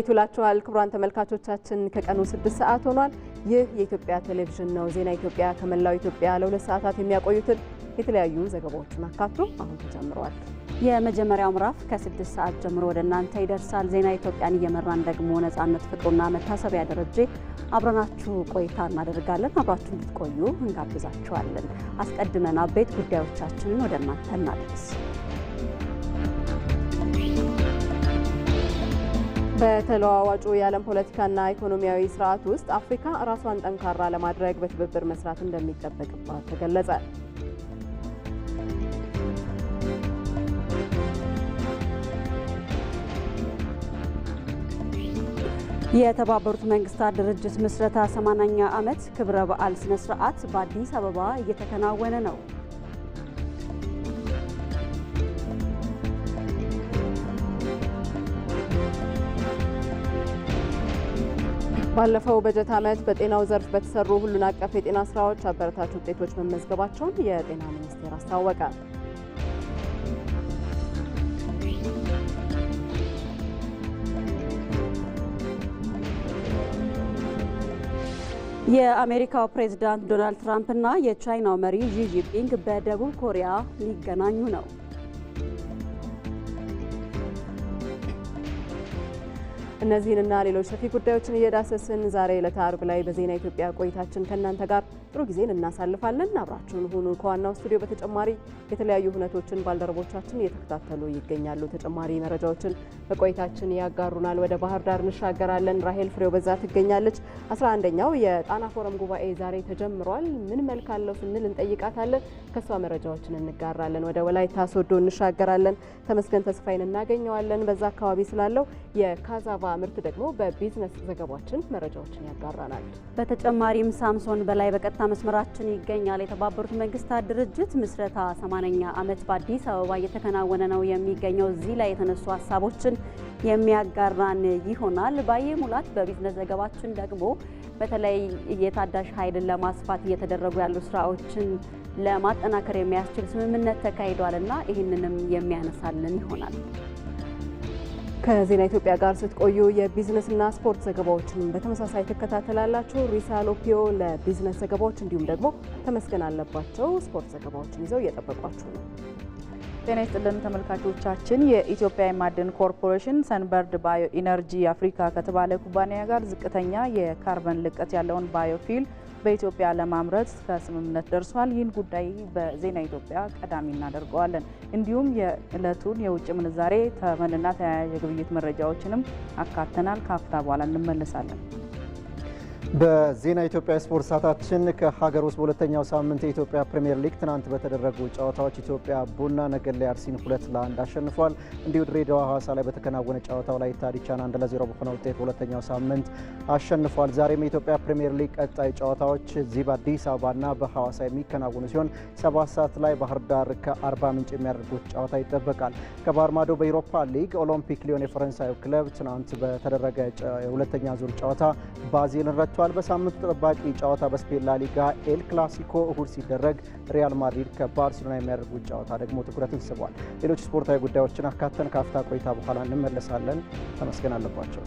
እንዴት ውላችኋል ክቡራን ተመልካቾቻችን፣ ከቀኑ ስድስት ሰዓት ሆኗል። ይህ የኢትዮጵያ ቴሌቪዥን ነው። ዜና ኢትዮጵያ ከመላው ኢትዮጵያ ለሁለት ሰዓታት የሚያቆዩትን የተለያዩ ዘገባዎችን አካቶ አሁን ተጀምረዋል። የመጀመሪያው ምዕራፍ ከስድስት ሰዓት ጀምሮ ወደ እናንተ ይደርሳል። ዜና ኢትዮጵያን እየመራን ደግሞ ነጻነት ፍቅሩና መታሰቢያ ደረጀ አብረናችሁ ቆይታ እናደርጋለን። አብራችሁ እንድትቆዩ እንጋብዛችኋለን። አስቀድመን አበይት ጉዳዮቻችንን ወደ እናንተ እናደርስ። በተለዋዋጩ የዓለም ፖለቲካና ኢኮኖሚያዊ ስርዓት ውስጥ አፍሪካ ራሷን ጠንካራ ለማድረግ በትብብር መስራት እንደሚጠበቅባት ተገለጸ። የተባበሩት መንግስታት ድርጅት ምስረታ 80ኛ ዓመት ክብረ በዓል ስነ ስርዓት በአዲስ አበባ እየተከናወነ ነው። ባለፈው በጀት ዓመት በጤናው ዘርፍ በተሰሩ ሁሉን አቀፍ የጤና ስራዎች አበረታች ውጤቶች መመዝገባቸውን የጤና ሚኒስቴር አስታወቀ። የአሜሪካው ፕሬዝዳንት ዶናልድ ትራምፕ እና የቻይናው መሪ ዢ ጂንፒንግ በደቡብ ኮሪያ ሊገናኙ ነው። እነዚህንና ሌሎች ሰፊ ጉዳዮችን እየዳሰስን ዛሬ ዕለተ አርብ ላይ በዜና ኢትዮጵያ ቆይታችን ከእናንተ ጋር ጥሩ ጊዜን እናሳልፋለን። አብራችሁን ሁኑ። ከዋናው ስቱዲዮ በተጨማሪ የተለያዩ ሁነቶችን ባልደረቦቻችን እየተከታተሉ ይገኛሉ። ተጨማሪ መረጃዎችን በቆይታችን ያጋሩናል። ወደ ባህር ዳር እንሻገራለን። ራሄል ፍሬው በዛ ትገኛለች። አስራ አንደኛው የጣና ፎረም ጉባኤ ዛሬ ተጀምሯል። ምን መልክ አለው ስንል እንጠይቃታለን። ከእሷ መረጃዎችን እንጋራለን። ወደ ወላይታ ሶዶ እንሻገራለን። ተመስገን ተስፋይን እናገኘዋለን። በዛ አካባቢ ስላለው የካዛቫ ምርት ደግሞ በቢዝነስ ዘገባችን መረጃዎችን ያጋራናል። በተጨማሪም ሳምሶን በላይ በቀጥታ መስመራችን ይገኛል። የተባበሩት መንግስታት ድርጅት ምስረታ 80ኛ ዓመት በአዲስ አበባ እየተከናወነ ነው የሚገኘው። እዚህ ላይ የተነሱ ሀሳቦችን የሚያጋራን ይሆናል። ባየ ሙላት በቢዝነስ ዘገባችን ደግሞ በተለይ የታዳሽ ኃይልን ለማስፋት እየተደረጉ ያሉ ስራዎችን ለማጠናከር የሚያስችል ስምምነት ተካሂዷል እና ይህንንም የሚያነሳልን ይሆናል። ከዜና ኢትዮጵያ ጋር ስትቆዩ የቢዝነስና ስፖርት ዘገባዎችን በተመሳሳይ ትከታተላላችሁ። ሪሳ ሎፒዮ ለቢዝነስ ዘገባዎች፣ እንዲሁም ደግሞ ተመስገን አለባቸው ስፖርት ዘገባዎችን ይዘው እየጠበቋችሁ ነው። ጤና ይስጥልን ተመልካቾቻችን። የኢትዮጵያ የማዕድን ኮርፖሬሽን ሰንበርድ ባዮ ኢነርጂ አፍሪካ ከተባለ ኩባንያ ጋር ዝቅተኛ የካርበን ልቀት ያለውን ባዮፊል በኢትዮጵያ ለማምረት ከስምምነት ደርሷል። ይህን ጉዳይ በዜና ኢትዮጵያ ቀዳሚ እናደርገዋለን። እንዲሁም የዕለቱን የውጭ ምንዛሬ ተመንና ተያያዥ የግብይት መረጃዎችንም አካተናል። ከአፍታ በኋላ እንመለሳለን። በዜና ኢትዮጵያ ስፖርት ሰዓታችን ከሀገር ውስጥ በሁለተኛው ሳምንት የኢትዮጵያ ፕሪምየር ሊግ ትናንት በተደረጉ ጨዋታዎች ኢትዮጵያ ቡና ነገሌ አርሲን ሁለት ለአንድ አሸንፏል። እንዲሁ ድሬዳዋ ሐዋሳ ላይ በተከናወነ ጨዋታው ላይ ታዲቻን አንድ ለዜሮ በሆነ ውጤት ሁለተኛው ሳምንት አሸንፏል። ዛሬም የኢትዮጵያ ፕሪምየር ሊግ ቀጣይ ጨዋታዎች እዚህ በአዲስ አበባና በሐዋሳ የሚከናወኑ ሲሆን ሰባት ሰዓት ላይ ባህር ዳር ከአርባ ምንጭ የሚያደርጉት ጨዋታ ይጠበቃል። ከባህር ማዶ በኢሮፓ ሊግ ኦሎምፒክ ሊዮን የፈረንሳዩ ክለብ ትናንት በተደረገ የሁለተኛ ዙር ጨዋታ ባዜልን ረቱ ተሰናብቷል። በሳምንቱ ተጠባቂ ጨዋታ በስፔን ላሊጋ ኤል ክላሲኮ እሁድ ሲደረግ ሪያል ማድሪድ ከባርሴሎና የሚያደርጉት ጨዋታ ደግሞ ትኩረትን ስቧል። ሌሎች ስፖርታዊ ጉዳዮችን አካተን ካፍታ ቆይታ በኋላ እንመለሳለን። ተመስገን አለባቸው።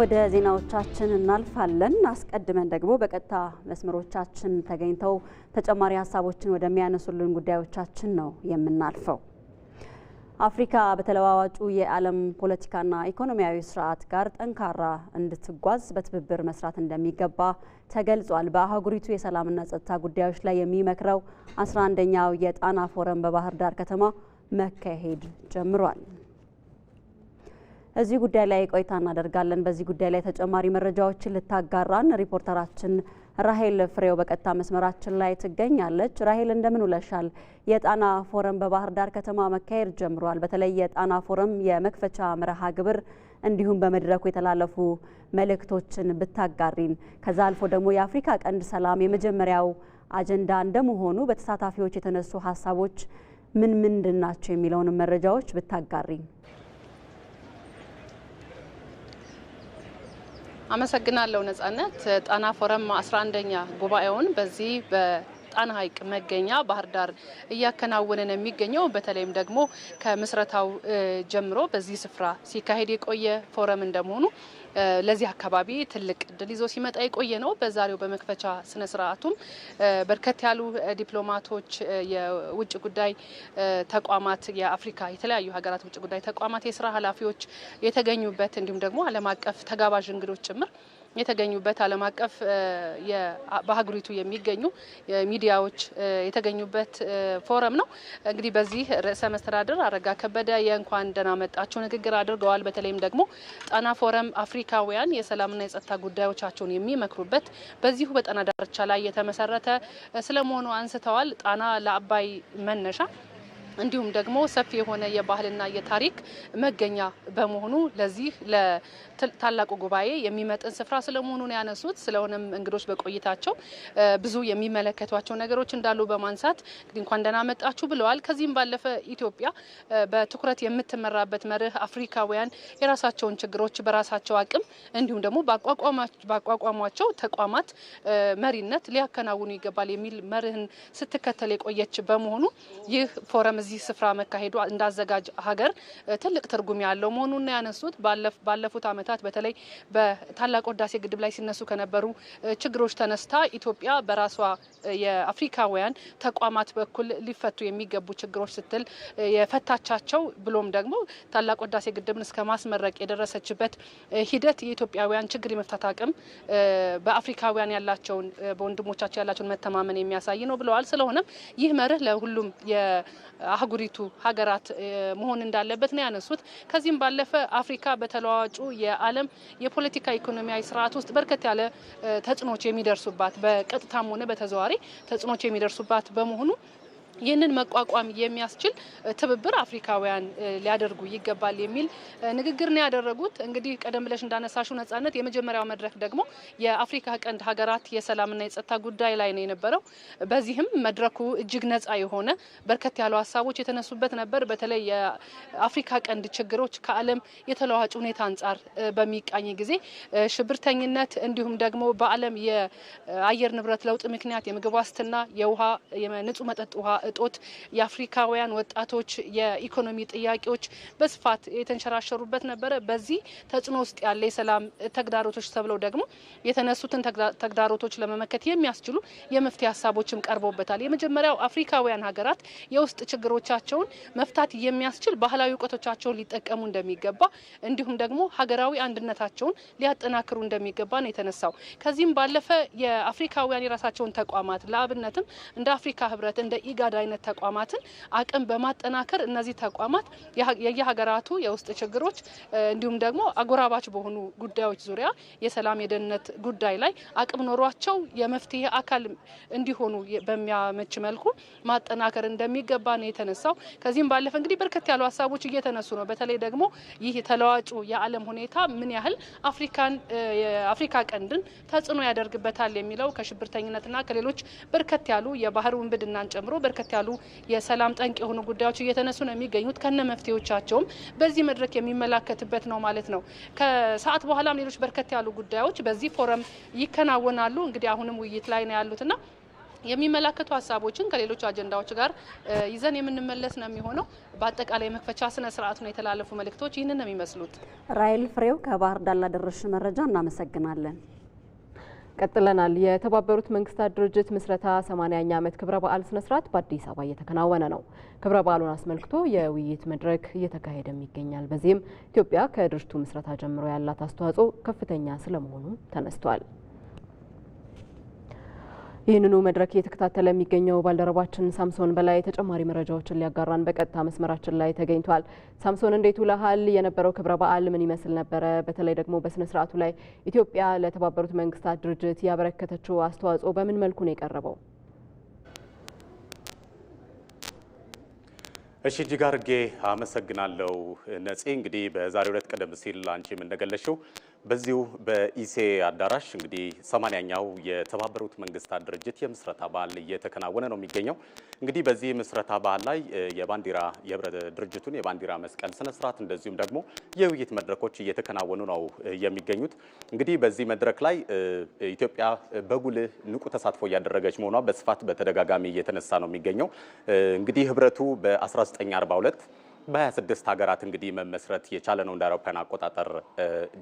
ወደ ዜናዎቻችን እናልፋለን። አስቀድመን ደግሞ በቀጥታ መስመሮቻችን ተገኝተው ተጨማሪ ሀሳቦችን ወደሚያነሱልን ጉዳዮቻችን ነው የምናልፈው። አፍሪካ በተለዋዋጩ የዓለም ፖለቲካና ኢኮኖሚያዊ ስርዓት ጋር ጠንካራ እንድትጓዝ በትብብር መስራት እንደሚገባ ተገልጿል። በአህጉሪቱ የሰላምና ጸጥታ ጉዳዮች ላይ የሚመክረው 11ኛው የጣና ፎረም በባህር ዳር ከተማ መካሄድ ጀምሯል። እዚህ ጉዳይ ላይ ቆይታ እናደርጋለን። በዚህ ጉዳይ ላይ ተጨማሪ መረጃዎችን ልታጋራን ሪፖርተራችን ራሄል ፍሬው በቀጥታ መስመራችን ላይ ትገኛለች። ራሄል እንደምን ውለሻል? የጣና ፎረም በባህር ዳር ከተማ መካሄድ ጀምሯል። በተለይ የጣና ፎረም የመክፈቻ መርሃ ግብር እንዲሁም በመድረኩ የተላለፉ መልእክቶችን ብታጋሪን፣ ከዛ አልፎ ደግሞ የአፍሪካ ቀንድ ሰላም የመጀመሪያው አጀንዳ እንደመሆኑ በተሳታፊዎች የተነሱ ሀሳቦች ምን ምንድን ናቸው የሚለውንም መረጃዎች ብታጋሪን። አመሰግናለሁ ነጻነት። ጣና ፎረም 11ኛ ጉባኤውን በዚህ ጣና ሐይቅ መገኛ ባህር ዳር እያከናወነ ነው የሚገኘው። በተለይም ደግሞ ከምስረታው ጀምሮ በዚህ ስፍራ ሲካሄድ የቆየ ፎረም እንደመሆኑ ለዚህ አካባቢ ትልቅ እድል ይዞ ሲመጣ የቆየ ነው። በዛሬው በመክፈቻ ስነ ስርዓቱም በርከት ያሉ ዲፕሎማቶች፣ የውጭ ጉዳይ ተቋማት፣ የአፍሪካ የተለያዩ ሀገራት ውጭ ጉዳይ ተቋማት የስራ ኃላፊዎች የተገኙበት እንዲሁም ደግሞ ዓለም አቀፍ ተጋባዥ እንግዶች ጭምር የተገኙበት ዓለም አቀፍ በሀገሪቱ የሚገኙ ሚዲያዎች የተገኙበት ፎረም ነው። እንግዲህ በዚህ ርዕሰ መስተዳድር አረጋ ከበደ የእንኳን ደህና መጣችሁ ንግግር አድርገዋል። በተለይም ደግሞ ጣና ፎረም አፍሪካውያን የሰላምና የጸጥታ ጉዳዮቻቸውን የሚመክሩበት በዚሁ በጣና ዳርቻ ላይ የተመሰረተ ስለመሆኑ አንስተዋል። ጣና ለአባይ መነሻ እንዲሁም ደግሞ ሰፊ የሆነ የባህልና የታሪክ መገኛ በመሆኑ ለዚህ ለታላቁ ጉባኤ የሚመጥን ስፍራ ነው ያነሱት። ስለሆነም እንግዶች በቆይታቸው ብዙ የሚመለከቷቸው ነገሮች እንዳሉ በማንሳት እንግዲህ እንኳን ደህና መጣችሁ ብለዋል። ከዚህም ባለፈ ኢትዮጵያ በትኩረት የምትመራበት መርህ አፍሪካውያን የራሳቸውን ችግሮች በራሳቸው አቅም እንዲሁም ደግሞ ባቋቋሟቸው ተቋማት መሪነት ሊያከናውኑ ይገባል የሚል መርህን ስትከተል የቆየች በመሆኑ ይህ ፎረም በዚህ ስፍራ መካሄዱ እንዳዘጋጅ ሀገር ትልቅ ትርጉም ያለው መሆኑን ያነሱት። ባለፉት ዓመታት በተለይ በታላቅ ህዳሴ ግድብ ላይ ሲነሱ ከነበሩ ችግሮች ተነስታ ኢትዮጵያ በራሷ የአፍሪካውያን ተቋማት በኩል ሊፈቱ የሚገቡ ችግሮች ስትል የፈታቻቸው ብሎም ደግሞ ታላቅ ህዳሴ ግድብን እስከ ማስመረቅ የደረሰችበት ሂደት የኢትዮጵያውያን ችግር የመፍታት አቅም በአፍሪካውያን ያላቸውን በወንድሞቻቸው ያላቸውን መተማመን የሚያሳይ ነው ብለዋል። ስለሆነም ይህ መርህ ለሁሉም አህጉሪቱ ሀገራት መሆን እንዳለበት ነው ያነሱት። ከዚህም ባለፈ አፍሪካ በተለዋጩ የዓለም የፖለቲካ ኢኮኖሚያዊ ስርዓት ውስጥ በርከት ያለ ተጽዕኖች የሚደርሱባት በቀጥታም ሆነ በተዘዋሪ ተጽዕኖች የሚደርሱባት በመሆኑ ይህንን መቋቋም የሚያስችል ትብብር አፍሪካውያን ሊያደርጉ ይገባል የሚል ንግግር ነው ያደረጉት። እንግዲህ ቀደም ብለሽ እንዳነሳሹ ነጻነት፣ የመጀመሪያው መድረክ ደግሞ የአፍሪካ ቀንድ ሀገራት የሰላምና የጸጥታ ጉዳይ ላይ ነው የነበረው። በዚህም መድረኩ እጅግ ነጻ የሆነ በርከት ያሉ ሀሳቦች የተነሱበት ነበር። በተለይ የአፍሪካ ቀንድ ችግሮች ከዓለም የተለዋጭ ሁኔታ አንጻር በሚቃኝ ጊዜ ሽብርተኝነት፣ እንዲሁም ደግሞ በዓለም የአየር ንብረት ለውጥ ምክንያት የምግብ ዋስትና፣ የውሃ የንጹህ መጠጥ ውሃ እጦት የአፍሪካውያን ወጣቶች የኢኮኖሚ ጥያቄዎች በስፋት የተንሸራሸሩበት ነበረ። በዚህ ተጽዕኖ ውስጥ ያለ የሰላም ተግዳሮቶች ተብለው ደግሞ የተነሱትን ተግዳሮቶች ለመመከት የሚያስችሉ የመፍትሄ ሀሳቦችም ቀርቦበታል። የመጀመሪያው አፍሪካውያን ሀገራት የውስጥ ችግሮቻቸውን መፍታት የሚያስችል ባህላዊ እውቀቶቻቸውን ሊጠቀሙ እንደሚገባ እንዲሁም ደግሞ ሀገራዊ አንድነታቸውን ሊያጠናክሩ እንደሚገባ ነው የተነሳው። ከዚህም ባለፈ የአፍሪካውያን የራሳቸውን ተቋማት ለአብነትም እንደ አፍሪካ ህብረት እንደ ኢጋድ አይነት ተቋማትን አቅም በማጠናከር እነዚህ ተቋማት የየሀገራቱ የውስጥ ችግሮች እንዲሁም ደግሞ አጎራባች በሆኑ ጉዳዮች ዙሪያ የሰላም የደህንነት ጉዳይ ላይ አቅም ኖሯቸው የመፍትሄ አካል እንዲሆኑ በሚያመች መልኩ ማጠናከር እንደሚገባ ነው የተነሳው። ከዚህም ባለፈ እንግዲህ በርከት ያሉ ሀሳቦች እየተነሱ ነው። በተለይ ደግሞ ይህ ተለዋጩ የዓለም ሁኔታ ምን ያህል አፍሪካን የአፍሪካ ቀንድን ተጽዕኖ ያደርግበታል የሚለው ከሽብርተኝነትና ከሌሎች በርከት ያሉ የባህር ውንብድናን ጨምሮ በርከት በርከት ያሉ የሰላም ጠንቅ የሆኑ ጉዳዮች እየተነሱ ነው የሚገኙት። ከነ መፍትሄዎቻቸውም በዚህ መድረክ የሚመላከትበት ነው ማለት ነው። ከሰዓት በኋላም ሌሎች በርከት ያሉ ጉዳዮች በዚህ ፎረም ይከናወናሉ። እንግዲህ አሁንም ውይይት ላይ ነው ያሉትና የሚመለከቱ ሀሳቦችን ከሌሎች አጀንዳዎች ጋር ይዘን የምንመለስ ነው የሚሆነው። በአጠቃላይ መክፈቻ ስነ ስርዓቱ ነው የተላለፉ መልእክቶች ይህንን ነው የሚመስሉት። ራይል ፍሬው ከባህር ዳር ላደረሽ መረጃ እናመሰግናለን። ቀጥለናል። የተባበሩት መንግስታት ድርጅት ምስረታ 80ኛ ዓመት ክብረ በዓል ስነ ስርዓት በአዲስ አበባ እየተከናወነ ነው። ክብረ በዓሉን አስመልክቶ የውይይት መድረክ እየተካሄደም ይገኛል። በዚህም ኢትዮጵያ ከድርጅቱ ምስረታ ጀምሮ ያላት አስተዋጽኦ ከፍተኛ ስለመሆኑ ተነስቷል። ይህንኑ መድረክ እየተከታተለ የሚገኘው ባልደረባችን ሳምሶን በላይ ተጨማሪ መረጃዎችን ሊያጋራን በቀጥታ መስመራችን ላይ ተገኝቷል። ሳምሶን እንዴት ውለሃል? የነበረው ክብረ በዓል ምን ይመስል ነበረ? በተለይ ደግሞ በስነ ስርዓቱ ላይ ኢትዮጵያ ለተባበሩት መንግስታት ድርጅት ያበረከተችው አስተዋጽኦ በምን መልኩ ነው የቀረበው? እሺ እጅግ አድርጌ አመሰግናለሁ ነፂ። እንግዲህ በዛሬው ዕለት ቀደም ሲል አንቺም እንደገለሽው በዚሁ በኢሴ አዳራሽ እንግዲህ ሰማንያኛው የተባበሩት መንግስታት ድርጅት የምስረታ በዓል እየተከናወነ ነው የሚገኘው። እንግዲህ በዚህ ምስረታ በዓል ላይ የባንዲራ ድርጅቱን የባንዲራ መስቀል ስነስርዓት እንደዚሁም ደግሞ የውይይት መድረኮች እየተከናወኑ ነው የሚገኙት። እንግዲህ በዚህ መድረክ ላይ ኢትዮጵያ በጉልህ ንቁ ተሳትፎ እያደረገች መሆኗ በስፋት በተደጋጋሚ እየተነሳ ነው የሚገኘው። እንግዲህ ህብረቱ በ1942 በ26 ሀገራት እንግዲህ መመስረት የቻለ ነው እንደ አውሮፓውያን አቆጣጠር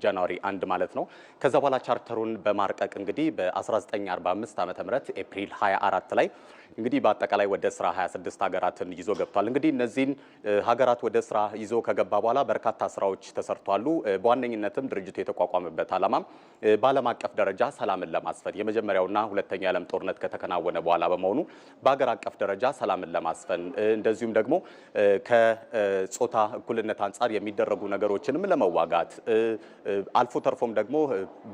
ጃንዋሪ አንድ ማለት ነው። ከዛ በኋላ ቻርተሩን በማርቀቅ እንግዲህ በ1945 ዓ ም ኤፕሪል 24 ላይ እንግዲህ በአጠቃላይ ወደ ስራ 26 ሀገራትን ይዞ ገብቷል። እንግዲህ እነዚህን ሀገራት ወደ ስራ ይዞ ከገባ በኋላ በርካታ ስራዎች ተሰርቷሉ። በዋነኝነትም ድርጅቱ የተቋቋመበት አላማ በዓለም አቀፍ ደረጃ ሰላምን ለማስፈን የመጀመሪያውና ሁለተኛ የዓለም ጦርነት ከተከናወነ በኋላ በመሆኑ በሀገር አቀፍ ደረጃ ሰላምን ለማስፈን እንደዚሁም ደግሞ ጾታ እኩልነት አንጻር የሚደረጉ ነገሮችንም ለመዋጋት አልፎ ተርፎም ደግሞ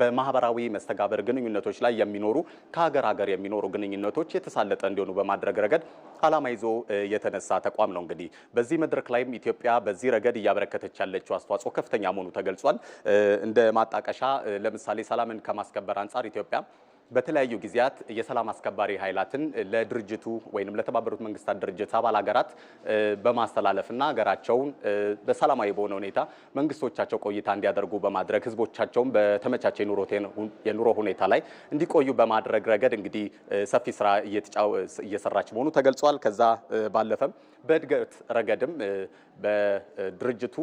በማህበራዊ መስተጋበር ግንኙነቶች ላይ የሚኖሩ ከሀገር ሀገር የሚኖሩ ግንኙነቶች የተሳለጠ እንዲሆኑ በማድረግ ረገድ ዓላማ ይዞ የተነሳ ተቋም ነው። እንግዲህ በዚህ መድረክ ላይም ኢትዮጵያ በዚህ ረገድ እያበረከተች ያለችው አስተዋጽኦ ከፍተኛ መሆኑ ተገልጿል። እንደ ማጣቀሻ ለምሳሌ ሰላምን ከማስከበር አንጻር ኢትዮጵያ በተለያዩ ጊዜያት የሰላም አስከባሪ ኃይላትን ለድርጅቱ ወይም ለተባበሩት መንግስታት ድርጅት አባል ሀገራት በማስተላለፍና ሀገራቸውን በሰላማዊ በሆነ ሁኔታ መንግስቶቻቸው ቆይታ እንዲያደርጉ በማድረግ ህዝቦቻቸውን በተመቻቸ የኑሮ ሁኔታ ላይ እንዲቆዩ በማድረግ ረገድ እንግዲህ ሰፊ ስራ እየሰራች መሆኑ ተገልጿል። ከዛ ባለፈም በእድገት ረገድም በድርጅቱ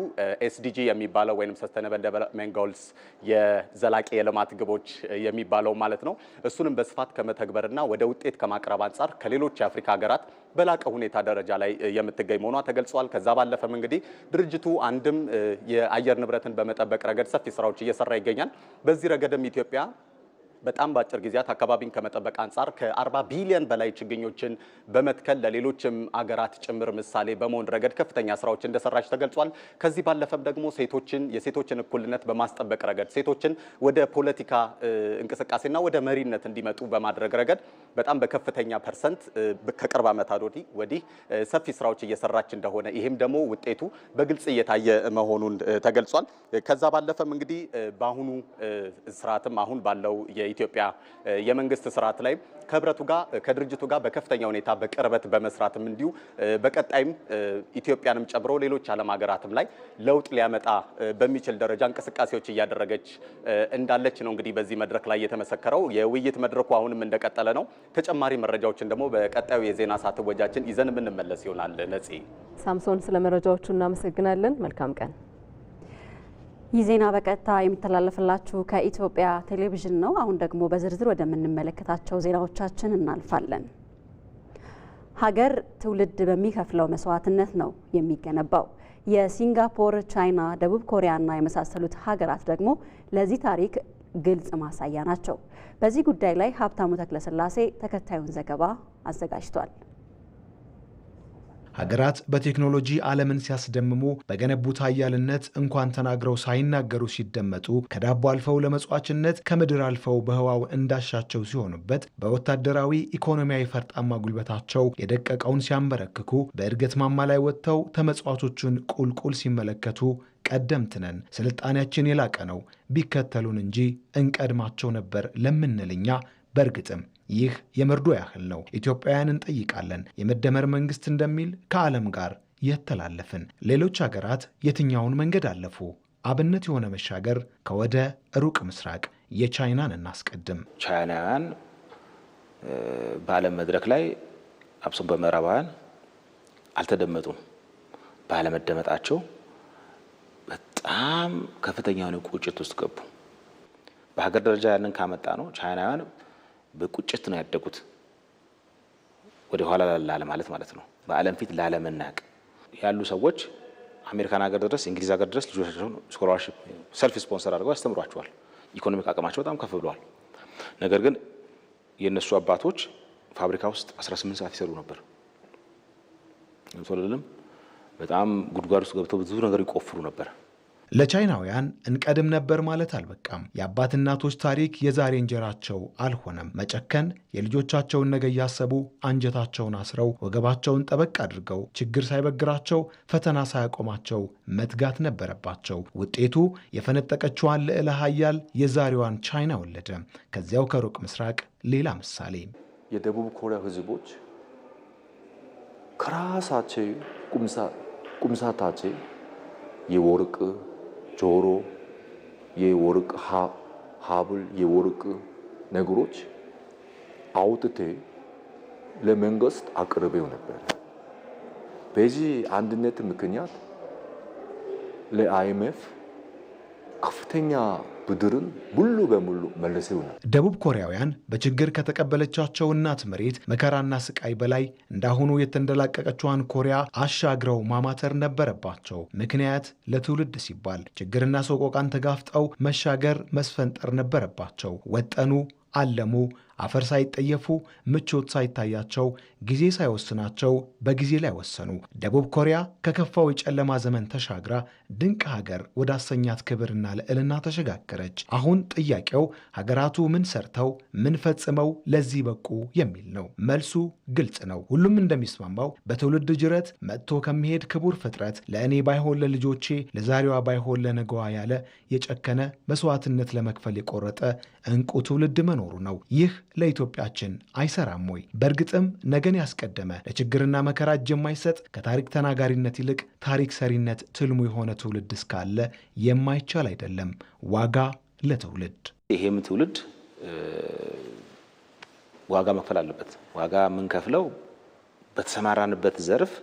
ኤስዲጂ የሚባለው ወይም ሰስተነብል ዴቨሎፕመንት ጎልስ የዘላቂ የልማት ግቦች የሚባለው ማለት ነው። እሱንም በስፋት ከመተግበርና ወደ ውጤት ከማቅረብ አንጻር ከሌሎች የአፍሪካ ሀገራት በላቀ ሁኔታ ደረጃ ላይ የምትገኝ መሆኗ ተገልጿል። ከዛ ባለፈም እንግዲህ ድርጅቱ አንድም የአየር ንብረትን በመጠበቅ ረገድ ሰፊ ስራዎች እየሰራ ይገኛል። በዚህ ረገድም ኢትዮጵያ በጣም በአጭር ጊዜያት አካባቢን ከመጠበቅ አንጻር ከ40 ቢሊዮን በላይ ችግኞችን በመትከል ለሌሎችም አገራት ጭምር ምሳሌ በመሆን ረገድ ከፍተኛ ስራዎች እንደሰራች ተገልጿል። ከዚህ ባለፈም ደግሞ ሴቶችን የሴቶችን እኩልነት በማስጠበቅ ረገድ ሴቶችን ወደ ፖለቲካ እንቅስቃሴና ወደ መሪነት እንዲመጡ በማድረግ ረገድ በጣም በከፍተኛ ፐርሰንት ከቅርብ ዓመታት ወዲህ ወዲህ ሰፊ ስራዎች እየሰራች እንደሆነ ይህም ደግሞ ውጤቱ በግልጽ እየታየ መሆኑን ተገልጿል። ከዛ ባለፈም እንግዲህ በአሁኑ ስርዓትም አሁን ባለው የኢትዮጵያ የመንግስት ስርዓት ላይ ከህብረቱ ጋር ከድርጅቱ ጋር በከፍተኛ ሁኔታ በቅርበት በመስራትም እንዲሁ በቀጣይም ኢትዮጵያንም ጨምሮ ሌሎች ዓለም ሀገራትም ላይ ለውጥ ሊያመጣ በሚችል ደረጃ እንቅስቃሴዎች እያደረገች እንዳለች ነው እንግዲህ በዚህ መድረክ ላይ የተመሰከረው። የውይይት መድረኩ አሁንም እንደቀጠለ ነው። ተጨማሪ መረጃዎችን ደግሞ በቀጣዩ የዜና ሰዓት ወጃችን ይዘን የምንመለስ ይሆናል። ነጽ ሳምሶን፣ ስለ መረጃዎቹ እናመሰግናለን። መልካም ቀን። ይህ ዜና በቀጥታ የሚተላለፍላችሁ ከኢትዮጵያ ቴሌቪዥን ነው። አሁን ደግሞ በዝርዝር ወደምንመለከታቸው ዜናዎቻችን እናልፋለን። ሀገር ትውልድ በሚከፍለው መስዋዕትነት ነው የሚገነባው። የሲንጋፖር፣ ቻይና፣ ደቡብ ኮሪያና የመሳሰሉት ሀገራት ደግሞ ለዚህ ታሪክ ግልጽ ማሳያ ናቸው። በዚህ ጉዳይ ላይ ሀብታሙ ተክለስላሴ ተከታዩን ዘገባ አዘጋጅቷል። ሀገራት በቴክኖሎጂ ዓለምን ሲያስደምሙ በገነቡት አያልነት እንኳን ተናግረው ሳይናገሩ ሲደመጡ ከዳቦ አልፈው ለመጽዋችነት ከምድር አልፈው በህዋው እንዳሻቸው ሲሆኑበት በወታደራዊ ኢኮኖሚያዊ ፈርጣማ ጉልበታቸው የደቀቀውን ሲያንበረክኩ በእድገት ማማ ላይ ወጥተው ተመጽዋቾቹን ቁልቁል ሲመለከቱ ቀደምትነን ስልጣኔያችን የላቀ ነው፣ ቢከተሉን እንጂ እንቀድማቸው ነበር ለምንልኛ በእርግጥም ይህ የመርዶ ያህል ነው። ኢትዮጵያውያን እንጠይቃለን። የመደመር መንግስት እንደሚል ከዓለም ጋር የተላለፍን ሌሎች ሀገራት የትኛውን መንገድ አለፉ? አብነት የሆነ መሻገር ከወደ ሩቅ ምስራቅ የቻይናን እናስቀድም። ቻይናውያን በዓለም መድረክ ላይ አብሶም በምዕራባውያን አልተደመጡም። ባለመደመጣቸው በጣም ከፍተኛ የሆነ ቁጭት ውስጥ ገቡ። በሀገር ደረጃ ያንን ካመጣ ነው ቻይናውያን በቁጭት ነው ያደጉት። ወደ ኋላ ላለ ማለት ማለት ነው። በዓለም ፊት ላለመናቅ ያሉ ሰዎች አሜሪካን ሀገር ድረስ እንግሊዝ ሀገር ድረስ ልጆቻቸውን ስኮላርሽፕ ሰልፍ ስፖንሰር አድርገው ያስተምሯቸዋል። ኢኮኖሚክ አቅማቸው በጣም ከፍ ብለዋል። ነገር ግን የእነሱ አባቶች ፋብሪካ ውስጥ 18 ሰዓት ይሰሩ ነበር። በጣም ጉድጓድ ውስጥ ገብተው ብዙ ነገር ይቆፍሩ ነበር። ለቻይናውያን እንቀድም ነበር ማለት አልበቃም። የአባት እናቶች ታሪክ የዛሬ እንጀራቸው አልሆነም። መጨከን፣ የልጆቻቸውን ነገ እያሰቡ አንጀታቸውን አስረው ወገባቸውን ጠበቅ አድርገው ችግር ሳይበግራቸው ፈተና ሳያቆማቸው መትጋት ነበረባቸው። ውጤቱ የፈነጠቀችዋን ልዕለ ኃያል የዛሬዋን ቻይና ወለደ። ከዚያው ከሩቅ ምስራቅ ሌላ ምሳሌ የደቡብ ኮሪያ ህዝቦች ከራሳቸው ቁምሳታቸው የወርቅ 조로 예워르크 합 합을 예워르크 네그로치 아우트테 레멘거스트 አቅርቤው ነበር በዚህ አንድነት ምክንያት ለአይኤምኤፍ ከፍተኛ ብድርን ሙሉ በሙሉ መልሰው ነው። ደቡብ ኮሪያውያን በችግር ከተቀበለቻቸው እናት መሬት መከራና ስቃይ በላይ እንዳሁኑ የተንደላቀቀችዋን ኮሪያ አሻግረው ማማተር ነበረባቸው። ምክንያት ለትውልድ ሲባል ችግርና ሰቆቃን ተጋፍጠው መሻገር መስፈንጠር ነበረባቸው። ወጠኑ፣ አለሙ፣ አፈር ሳይጠየፉ ምቾት ሳይታያቸው ጊዜ ሳይወስናቸው በጊዜ ላይ ወሰኑ። ደቡብ ኮሪያ ከከፋው የጨለማ ዘመን ተሻግራ ድንቅ ሀገር ወዳሰኛት ክብርና ልዕልና ተሸጋገረች። አሁን ጥያቄው ሀገራቱ ምን ሰርተው ምን ፈጽመው ለዚህ በቁ የሚል ነው። መልሱ ግልጽ ነው። ሁሉም እንደሚስማማው በትውልድ ጅረት መጥቶ ከሚሄድ ክቡር ፍጥረት ለእኔ ባይሆን ለልጆቼ፣ ለዛሬዋ ባይሆን ለነገዋ ያለ የጨከነ መስዋዕትነት ለመክፈል የቆረጠ እንቁ ትውልድ መኖሩ ነው። ይህ ለኢትዮጵያችን አይሰራም ወይ? በእርግጥም ነገን ያስቀደመ ለችግርና መከራ እጅ የማይሰጥ ከታሪክ ተናጋሪነት ይልቅ ታሪክ ሰሪነት ትልሙ የሆነ ትውልድ እስካለ የማይቻል አይደለም። ዋጋ ለትውልድ ይሄም ትውልድ ዋጋ መክፈል አለበት። ዋጋ የምንከፍለው በተሰማራንበት ዘርፍ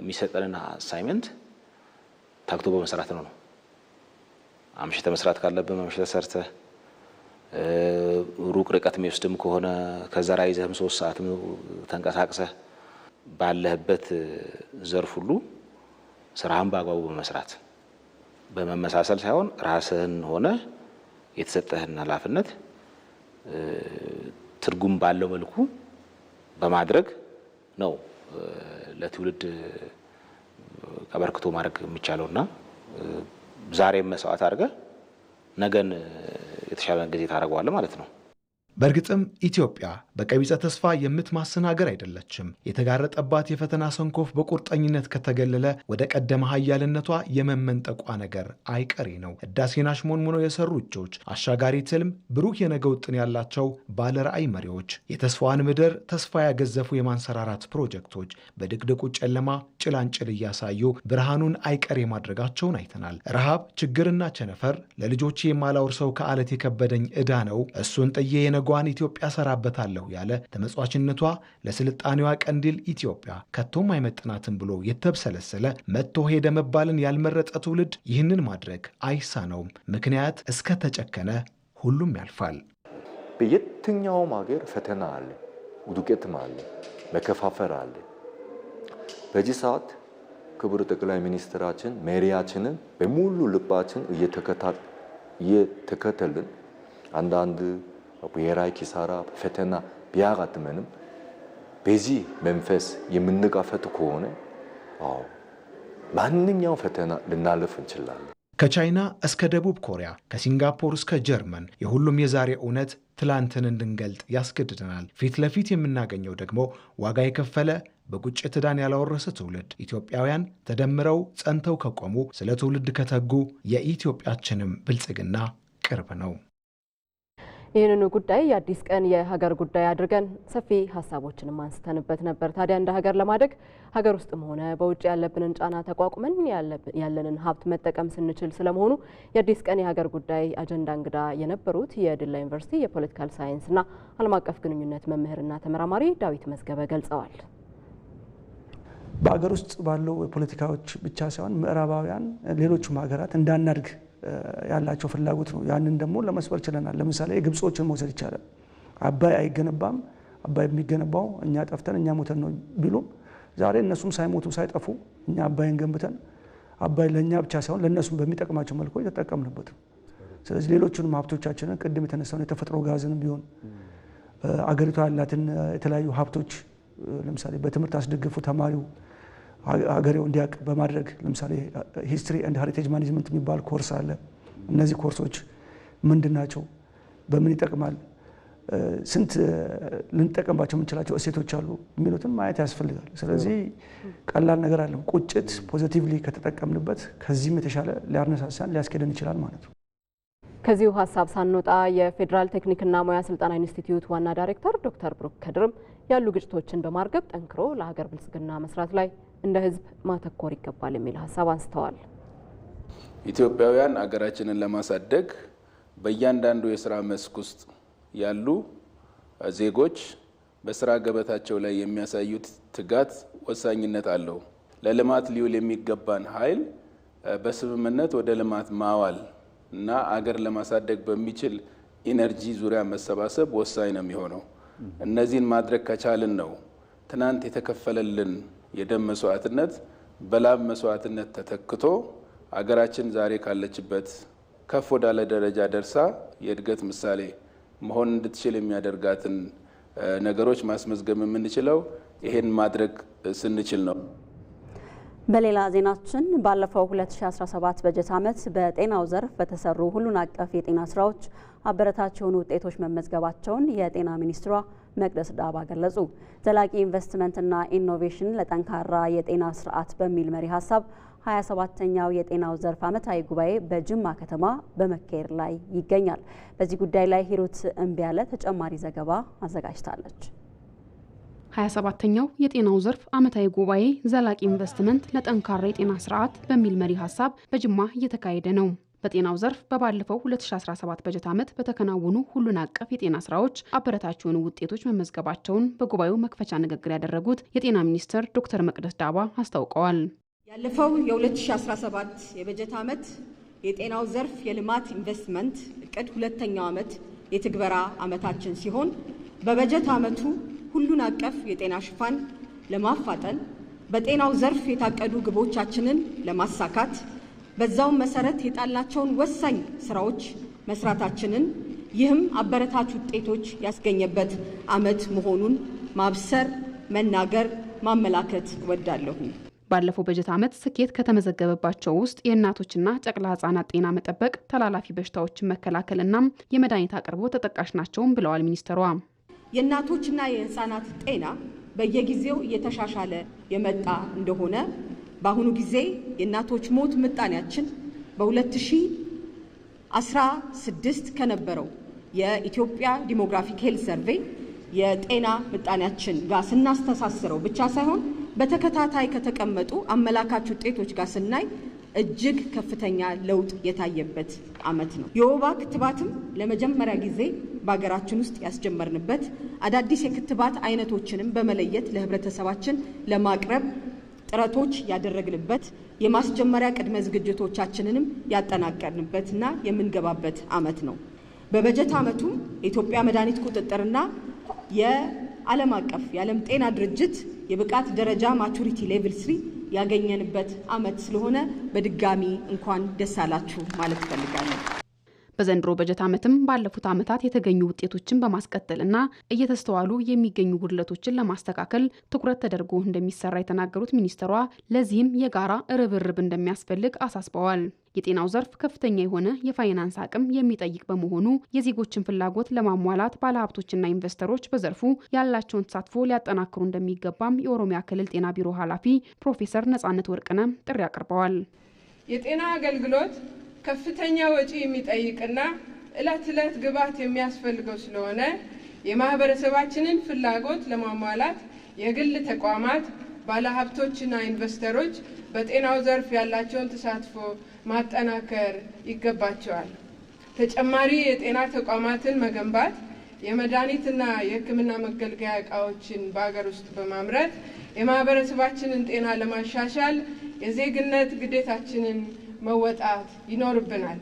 የሚሰጠንን አሳይመንት ታክቶ በመስራት ነው ነው አምሽተ መስራት ካለብን አምሽተ ሰርተ ሩቅ ርቀት የሚወስድም ከሆነ ከዛ ራይዘህም ሶስት ሰዓት ተንቀሳቅሰህ ባለህበት ዘርፍ ሁሉ ስራህን በአግባቡ በመስራት በመመሳሰል ሳይሆን ራስህን ሆነ የተሰጠህን ኃላፊነት ትርጉም ባለው መልኩ በማድረግ ነው ለትውልድ አበርክቶ ማድረግ የሚቻለውና ዛሬም መስዋዕት አድርገህ ነገን የተሻለ ጊዜ ታደርገዋለህ ማለት ነው። በእርግጥም ኢትዮጵያ በቀቢጸ ተስፋ የምትማስን ሀገር አይደለችም። የተጋረጠባት የፈተና ሰንኮፍ በቁርጠኝነት ከተገለለ ወደ ቀደመ ሀያልነቷ የመመንጠቋ ነገር አይቀሬ ነው። ሕዳሴን አሽሞንሙነው የሰሩ እጆች፣ አሻጋሪ ትልም፣ ብሩህ የነገ ውጥን ያላቸው ባለራእይ መሪዎች፣ የተስፋዋን ምድር ተስፋ ያገዘፉ የማንሰራራት ፕሮጀክቶች በድቅድቁ ጨለማ ጭላንጭል እያሳዩ ብርሃኑን አይቀሬ ማድረጋቸውን አይተናል። ረሃብ፣ ችግርና ቸነፈር ለልጆቼ የማላወርሰው ከአለት የከበደኝ ዕዳ ነው እሱን ጥዬ በጓን ኢትዮጵያ ሰራበታለሁ ያለ ተመጽዋችነቷ ለስልጣኔዋ ቀንዲል ኢትዮጵያ ከቶም አይመጥናትም ብሎ የተብሰለሰለ መጥቶ ሄደ መባልን ያልመረጠ ትውልድ ይህንን ማድረግ አይሳነውም። ምክንያት እስከተጨከነ ሁሉም ያልፋል። በየትኛውም ሀገር ፈተና አለ፣ ውድቀትም አለ፣ መከፋፈር አለ። በዚህ ሰዓት ክቡር ጠቅላይ ሚኒስትራችን መሪያችንን በሙሉ ልባችን እየተከተልን አንዳንድ ወይራይ ኪሳራ ፈተና ቢያጋጥመንም በዚህ መንፈስ የምንጋፈጥ ከሆነ አዎ ማንኛውም ፈተና ልናልፍ እንችላለን። ከቻይና እስከ ደቡብ ኮሪያ ከሲንጋፖር እስከ ጀርመን የሁሉም የዛሬ እውነት ትላንትን እንድንገልጥ ያስገድደናል። ፊት ለፊት የምናገኘው ደግሞ ዋጋ የከፈለ በቁጭት ዕዳን ያላወረሰ ትውልድ። ኢትዮጵያውያን ተደምረው ጸንተው ከቆሙ፣ ስለ ትውልድ ከተጉ የኢትዮጵያችንም ብልጽግና ቅርብ ነው። ይህንኑ ጉዳይ የአዲስ ቀን የሀገር ጉዳይ አድርገን ሰፊ ሀሳቦችንም አንስተንበት ነበር። ታዲያ እንደ ሀገር ለማደግ ሀገር ውስጥም ሆነ በውጭ ያለብንን ጫና ተቋቁመን ያለንን ሀብት መጠቀም ስንችል ስለመሆኑ የአዲስ ቀን የሀገር ጉዳይ አጀንዳ እንግዳ የነበሩት የድላ ዩኒቨርሲቲ የፖለቲካል ሳይንስና ዓለም አቀፍ ግንኙነት መምህርና ተመራማሪ ዳዊት መዝገበ ገልጸዋል። በሀገር ውስጥ ባለው የፖለቲካዎች ብቻ ሳይሆን ምዕራባውያን ሌሎቹም ሀገራት እንዳናድግ ያላቸው ፍላጎት ነው። ያንን ደግሞ ለመስበር ችለናል። ለምሳሌ የግብጾችን መውሰድ ይቻላል። አባይ አይገነባም፣ አባይ የሚገነባው እኛ ጠፍተን እኛ ሞተን ነው ቢሉም ዛሬ እነሱም ሳይሞቱ ሳይጠፉ እኛ አባይን ገንብተን አባይ ለእኛ ብቻ ሳይሆን ለእነሱም በሚጠቅማቸው መልኩ የተጠቀምንበት ነው። ስለዚህ ሌሎቹንም ሀብቶቻችንን ቅድም የተነሳውን የተፈጥሮ ጋዝንም ቢሆን አገሪቷ ያላትን የተለያዩ ሀብቶች ለምሳሌ በትምህርት አስደግፉ ተማሪው ሀገሬው እንዲያውቅ በማድረግ ለምሳሌ ሂስትሪ ኤንድ ሄሪቴጅ ማኔጅመንት የሚባል ኮርስ አለ። እነዚህ ኮርሶች ምንድን ናቸው? በምን ይጠቅማል? ስንት ልንጠቀምባቸው የምንችላቸው እሴቶች አሉ የሚሉትን ማየት ያስፈልጋል። ስለዚህ ቀላል ነገር አለም። ቁጭት ፖዚቲቭሊ ከተጠቀምንበት ከዚህም የተሻለ ሊያነሳሳን ሊያስኬደን ይችላል ማለት ነው። ከዚሁ ሀሳብ ሳንወጣ የፌዴራል ቴክኒክና ሙያ ስልጠና ኢንስቲትዩት ዋና ዳይሬክተር ዶክተር ብሩክ ከድርም ያሉ ግጭቶችን በማርገብ ጠንክሮ ለሀገር ብልጽግና መስራት ላይ እንደ ህዝብ ማተኮር ይገባል የሚል ሀሳብ አንስተዋል። ኢትዮጵያውያን አገራችንን ለማሳደግ በእያንዳንዱ የስራ መስክ ውስጥ ያሉ ዜጎች በስራ ገበታቸው ላይ የሚያሳዩት ትጋት ወሳኝነት አለው። ለልማት ሊውል የሚገባን ኃይል በስምምነት ወደ ልማት ማዋል እና አገር ለማሳደግ በሚችል ኢነርጂ ዙሪያ መሰባሰብ ወሳኝ ነው የሚሆነው። እነዚህን ማድረግ ከቻልን ነው ትናንት የተከፈለልን የደም መስዋዕትነት በላብ መስዋዕትነት ተተክቶ አገራችን ዛሬ ካለችበት ከፍ ወዳለ ደረጃ ደርሳ የእድገት ምሳሌ መሆን እንድትችል የሚያደርጋትን ነገሮች ማስመዝገብ የምንችለው ይሄን ማድረግ ስንችል ነው። በሌላ ዜናችን ባለፈው 2017 በጀት ዓመት በጤናው ዘርፍ በተሰሩ ሁሉን አቀፍ የጤና ስራዎች አበረታች የሆኑ ውጤቶች መመዝገባቸውን የጤና ሚኒስትሯ መቅደስ ዳባ ገለጹ። ዘላቂ ኢንቨስትመንትና ኢኖቬሽን ለጠንካራ የጤና ስርዓት በሚል መሪ ሀሳብ 27ኛው የጤናው ዘርፍ ዓመታዊ ጉባኤ በጅማ ከተማ በመካሄድ ላይ ይገኛል። በዚህ ጉዳይ ላይ ሂሩት እምቢያለ ተጨማሪ ዘገባ አዘጋጅታለች። 27ኛው የጤናው ዘርፍ ዓመታዊ ጉባኤ ዘላቂ ኢንቨስትመንት ለጠንካራ የጤና ስርዓት በሚል መሪ ሀሳብ በጅማ እየተካሄደ ነው። በጤናው ዘርፍ በባለፈው 2017 በጀት ዓመት በተከናወኑ ሁሉን አቀፍ የጤና ስራዎች አበረታች የሆኑ ውጤቶች መመዝገባቸውን በጉባኤው መክፈቻ ንግግር ያደረጉት የጤና ሚኒስትር ዶክተር መቅደስ ዳባ አስታውቀዋል። ያለፈው የ2017 የበጀት ዓመት የጤናው ዘርፍ የልማት ኢንቨስትመንት እቅድ ሁለተኛው ዓመት የትግበራ ዓመታችን ሲሆን በበጀት ዓመቱ ሁሉን አቀፍ የጤና ሽፋን ለማፋጠን በጤናው ዘርፍ የታቀዱ ግቦቻችንን ለማሳካት በዛውም መሰረት የጣላቸውን ወሳኝ ስራዎች መስራታችንን ይህም አበረታች ውጤቶች ያስገኘበት አመት መሆኑን ማብሰር፣ መናገር፣ ማመላከት ወዳለሁ ባለፈው በጀት ዓመት ስኬት ከተመዘገበባቸው ውስጥ የእናቶችና ጨቅላ ህጻናት ጤና መጠበቅ፣ ተላላፊ በሽታዎችን መከላከልና የመድኃኒት አቅርቦት ተጠቃሽ ናቸውም ብለዋል ሚኒስትሯ። የእናቶችና የህጻናት ጤና በየጊዜው እየተሻሻለ የመጣ እንደሆነ በአሁኑ ጊዜ የእናቶች ሞት ምጣኔያችን በ2016 ከነበረው የኢትዮጵያ ዲሞግራፊክ ሄልት ሰርቬይ የጤና ምጣኔያችን ጋር ስናስተሳስረው ብቻ ሳይሆን በተከታታይ ከተቀመጡ አመላካች ውጤቶች ጋር ስናይ እጅግ ከፍተኛ ለውጥ የታየበት ዓመት ነው። የወባ ክትባትም ለመጀመሪያ ጊዜ በሀገራችን ውስጥ ያስጀመርንበት አዳዲስ የክትባት አይነቶችንም በመለየት ለህብረተሰባችን ለማቅረብ ጥረቶች ያደረግንበት የማስጀመሪያ ቅድመ ዝግጅቶቻችንንም ያጠናቀርንበትና የምንገባበት ዓመት ነው። በበጀት ዓመቱም የኢትዮጵያ መድኃኒት ቁጥጥርና የዓለም አቀፍ የዓለም ጤና ድርጅት የብቃት ደረጃ ማቹሪቲ ሌቭል ስሪ ያገኘንበት ዓመት ስለሆነ በድጋሚ እንኳን ደስ አላችሁ ማለት እፈልጋለሁ። በዘንድሮ በጀት ዓመትም ባለፉት ዓመታት የተገኙ ውጤቶችን በማስቀጠልና እየተስተዋሉ የሚገኙ ጉድለቶችን ለማስተካከል ትኩረት ተደርጎ እንደሚሰራ የተናገሩት ሚኒስትሯ ለዚህም የጋራ ርብርብ እንደሚያስፈልግ አሳስበዋል። የጤናው ዘርፍ ከፍተኛ የሆነ የፋይናንስ አቅም የሚጠይቅ በመሆኑ የዜጎችን ፍላጎት ለማሟላት ባለሀብቶችና ኢንቨስተሮች በዘርፉ ያላቸውን ተሳትፎ ሊያጠናክሩ እንደሚገባም የኦሮሚያ ክልል ጤና ቢሮ ኃላፊ ፕሮፌሰር ነጻነት ወርቅነህ ጥሪ አቅርበዋል። የጤና አገልግሎት ከፍተኛ ወጪ የሚጠይቅና እለት ዕለት ግብዓት የሚያስፈልገው ስለሆነ የማህበረሰባችንን ፍላጎት ለማሟላት የግል ተቋማት ባለሀብቶችና ኢንቨስተሮች በጤናው ዘርፍ ያላቸውን ተሳትፎ ማጠናከር ይገባቸዋል። ተጨማሪ የጤና ተቋማትን መገንባት፣ የመድኃኒትና የሕክምና መገልገያ እቃዎችን በሀገር ውስጥ በማምረት የማህበረሰባችንን ጤና ለማሻሻል የዜግነት ግዴታችንን መወጣት ይኖርብናል።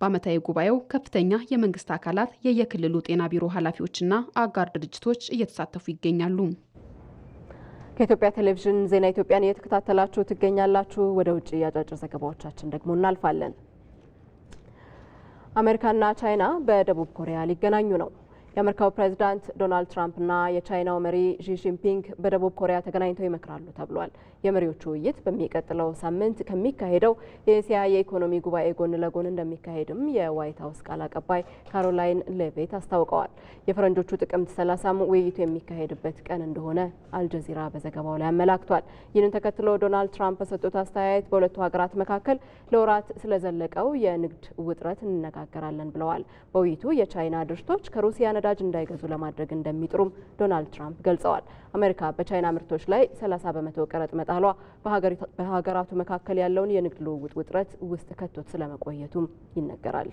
በዓመታዊ ጉባኤው ከፍተኛ የመንግስት አካላት፣ የየክልሉ ጤና ቢሮ ኃላፊዎችና አጋር ድርጅቶች እየተሳተፉ ይገኛሉ። ከኢትዮጵያ ቴሌቪዥን ዜና ኢትዮጵያን እየተከታተላችሁ ትገኛላችሁ። ወደ ውጭ አጫጭር ዘገባዎቻችን ደግሞ እናልፋለን። አሜሪካና ቻይና በደቡብ ኮሪያ ሊገናኙ ነው። የአሜሪካው ፕሬዚዳንት ዶናልድ ትራምፕና የቻይናው መሪ ዢ ጂንፒንግ በደቡብ ኮሪያ ተገናኝተው ይመክራሉ ተብሏል። የመሪዎቹ ውይይት በሚቀጥለው ሳምንት ከሚካሄደው የእስያ የኢኮኖሚ ጉባኤ ጎን ለጎን እንደሚካሄድም የዋይት ሀውስ ቃል አቀባይ ካሮላይን ሌቬት አስታውቀዋል። የፈረንጆቹ ጥቅምት ሰላሳም ውይይቱ የሚካሄድበት ቀን እንደሆነ አልጀዚራ በዘገባው ላይ አመላክቷል። ይህንን ተከትሎ ዶናልድ ትራምፕ በሰጡት አስተያየት በሁለቱ ሀገራት መካከል ለወራት ስለዘለቀው የንግድ ውጥረት እንነጋገራለን ብለዋል። በውይይቱ የቻይና ድርጅቶች ከሩሲያ ነዳጅ እንዳይገዙ ለማድረግ እንደሚጥሩም ዶናልድ ትራምፕ ገልጸዋል። አሜሪካ በቻይና ምርቶች ላይ 30 በመቶ ቀረጥ መጣሏ በሀገራቱ መካከል ያለውን የንግድ ልውውጥ ውጥረት ውስጥ ከቶት ስለመቆየቱም ይነገራል።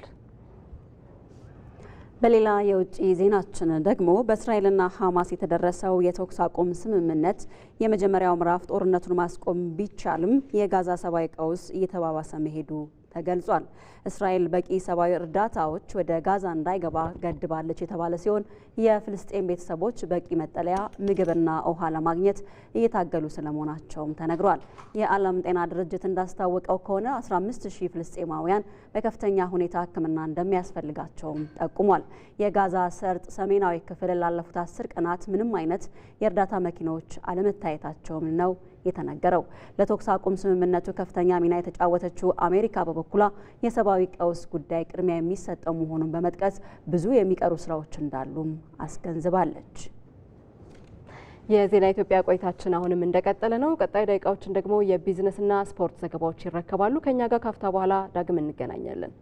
በሌላ የውጭ ዜናችን ደግሞ በእስራኤልና ሐማስ የተደረሰው የተኩስ አቁም ስምምነት የመጀመሪያው ምዕራፍ ጦርነቱን ማስቆም ቢቻልም የጋዛ ሰብአዊ ቀውስ እየተባባሰ መሄዱ ተገልጿል። እስራኤል በቂ ሰብአዊ እርዳታዎች ወደ ጋዛ እንዳይገባ ገድባለች የተባለ ሲሆን የፍልስጤም ቤተሰቦች በቂ መጠለያ፣ ምግብና ውሃ ለማግኘት እየታገሉ ስለመሆናቸውም ተነግሯል። የዓለም ጤና ድርጅት እንዳስታወቀው ከሆነ 15 ሺህ ፍልስጤማውያን በከፍተኛ ሁኔታ ሕክምና እንደሚያስፈልጋቸውም ጠቁሟል። የጋዛ ሰርጥ ሰሜናዊ ክፍል ላለፉት አስር ቀናት ምንም አይነት የእርዳታ መኪኖች አለመታየታቸውም ነው የተነገረው። ለተኩስ አቁም ስምምነቱ ከፍተኛ ሚና የተጫወተችው አሜሪካ በበኩሏ የሰብአዊ ቀውስ ጉዳይ ቅድሚያ የሚሰጠው መሆኑን በመጥቀስ ብዙ የሚቀሩ ስራዎች እንዳሉም አስገንዝባለች። የዜና ኢትዮጵያ ቆይታችን አሁንም እንደቀጠለ ነው። ቀጣይ ደቂቃዎችን ደግሞ የቢዝነስና ስፖርት ዘገባዎች ይረከባሉ። ከእኛ ጋር ካፍታ በኋላ ዳግም እንገናኛለን።